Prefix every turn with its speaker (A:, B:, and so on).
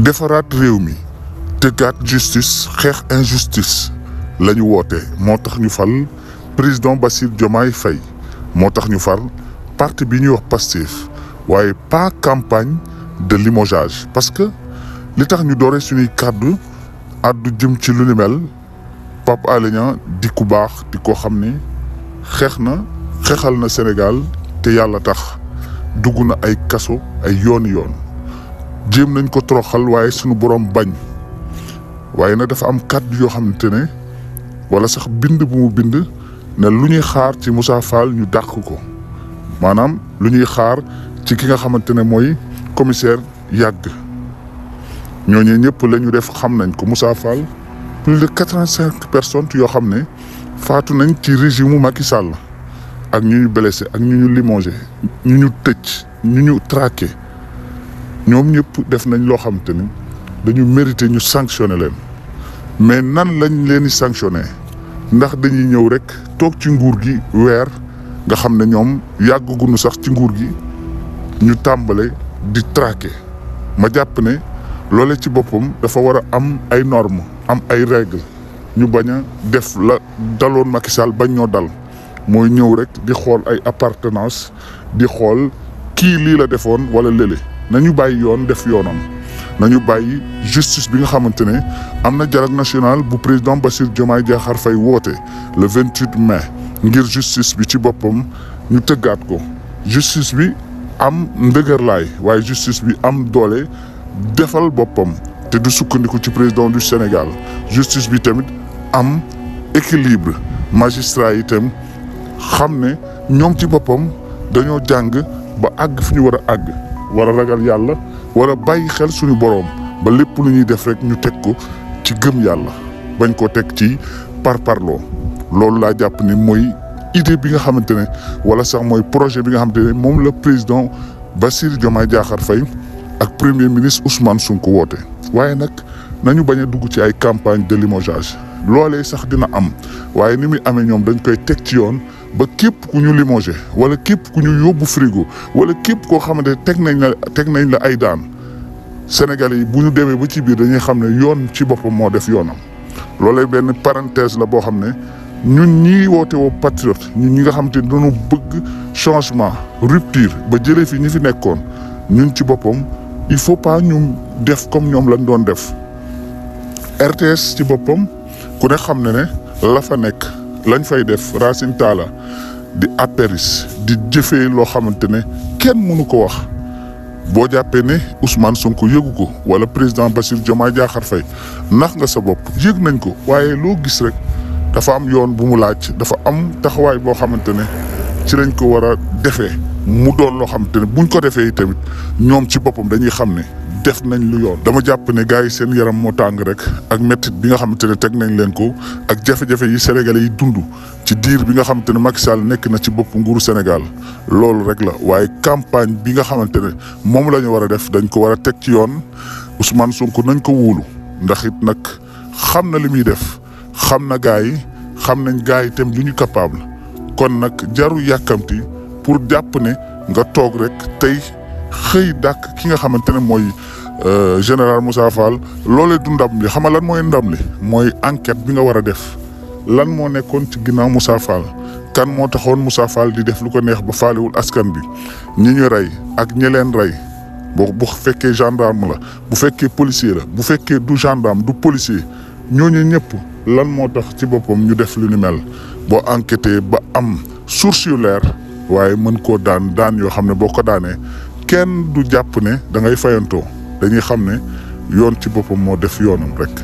A: defaraat réew mi la justice xex injustice la woté motax fal président bassir Diomaye Fay motax ñu fal parti bi wax pas campagne de limogeage parce que li tax ñu doore suñu cadre addu jëm ci mel Pape alignan di di ko Sénégal tax ay ay jéem nañ ko troxal waaye suñu borom bañ waaye nag dafa am kàddu yoo xamante ne wala sax bind bu mu bind ne lu ñuy xaar ci Moussa Fall ñu dàq ko maanaam lu ñuy xaar ci ki nga xamante ne mooy commissaire yàgg ñooñu ñëpp la ñu def xam nañ ko Moussa Fall plus de quatre-vingt-cinq personnes yoo xam ne faatu nañ ci régime Macky Sall ak ñu ñu blessé ak ñu ñu limogé ñu ñu tëj ñu ñu traqué. ñoom ñëpp def nañ loo xam ni dañu mérité ñu sanctionné leen mais nan lañ leen di sanctionné ndax dañuy ñëw rek toog ci nguur gi weer nga xam ne ñoom yàggagunu sax ci nguur gi ñu tàmbale di traqué ma jàpp ne loole ci boppam dafa war a am ay normes am ay règles ñu bañ a def la daloon Macky Sall bañ ñoo dal mooy ñëw rek di xool ay appartenance di xool kii lii la defoon wala lële nañu bàyyi yoon def yoonam nañu bàyyi justice bi nga xamante ne am na dialogue national bu président Bassirou Diomaye Diakhar fay woote le 28 mai ngir justice bi ci boppam ñu tëggaat ko justice bi am ndëgërlaay waaye justice bi am doole defal boppam te du sukkandiku ci président du Sénégal justice bi tamit am équilibre magistrat yi itam xam ne ñoom ci boppam dañoo jàng ba àgg fi ñu war a àgg. wara ragal yalla wara bayyi xel suñu borom ba lepp lu ñuy def rek ñu tek ko ci gëm yalla bañ ko tek ci par parlo loolu la japp ni moy idée bi nga xamantene wala sax moy projet bi nga xamantene mom le président Basir Diomaye Diakhar Faye ak premier ministre Ousmane Sonko wote waye nak nañu baña dugg ci ay campagne de limogeage lolé sax dina am waye ni mi amé ñom dañ koy tek ci yoon ba képp ku ñu limogé wala képp ku ñu yóbbu frigo wala képp koo xamante teg nañ la teg nañ la ay daan sénégal yi bu ñu demee ba ci biir dañuy xam ne yoon ci boppam moo def yoonam loolu loolee benn parenthèse la boo xam ne ñun ñii woote woo patriote ñun ñi nga xam te dañu bëgg changement rupture ba jëlee fi ñi fi nekkoon ñun ci boppam il faut pas ñu def comme ñoom lañ doon def RTS ci boppam ku ne xam ne ne la fa nekk. lañ fay def Racine Talla di apéris di jëfee loo xamante ne kenn mënu ko wax boo jàppee ne Ousmane Sonko yëgu ko wala président Bassirou Diomaye Diakhar Faye nax nga sa bopp yëg nañ ko waaye loo gis rek dafa am yoon bu mu laaj dafa am taxawaay boo xamante ne ci lañ ko war a defee mu doon loo xamante ne buñ ko defee tamit ñoom ci boppam dañuy xam ne def nañ lu yoon dama jàpp ne gars yi seen yaram moo tàng rek ak métti bi nga xamante ne teg nañ leen ko ak jafe-jafe yi sénégalais yi dund ci diir bi nga xamante ne Macky Sall nekk na ci bopp nguuru sénégal loolu rek la waaye campagne bi nga xamante ne moom la ñu war a def dañ ko war a teg ci yoon ousmane sonko nañ ko wuulu ndax it nag xam na li muy def xam na gars yi xam nañ gars yi tam lu ñu capable kon nag jaru yàkkamti pour jàpp ne nga toog rek tey xëy dàkk ki nga xamante ne mooy euh, général Moussa Fall loolee du ndam li xam lan mooy ndam li mooy enquête bi nga war a def lan moo nekkoon ci ginnaaw musa Fall kan moo taxoon Moussa Fall di def lu ko neex ba faalewul askan bi ñi ñu rey ak ñeleen rey boo bu fekkee gendarme la bu fekkee policier la bu fekkee du gendarme du policier ñooñu ñëpp lan moo tax ci boppam ñu def lu ni mel boo enquêté ba am source yu leer waaye mën ko daan daan yoo xam ne boo ko daanee kenn du jàpp ne da ngay fayantoo dañuy xam ne yoon ci boppam moo def yoonam rek.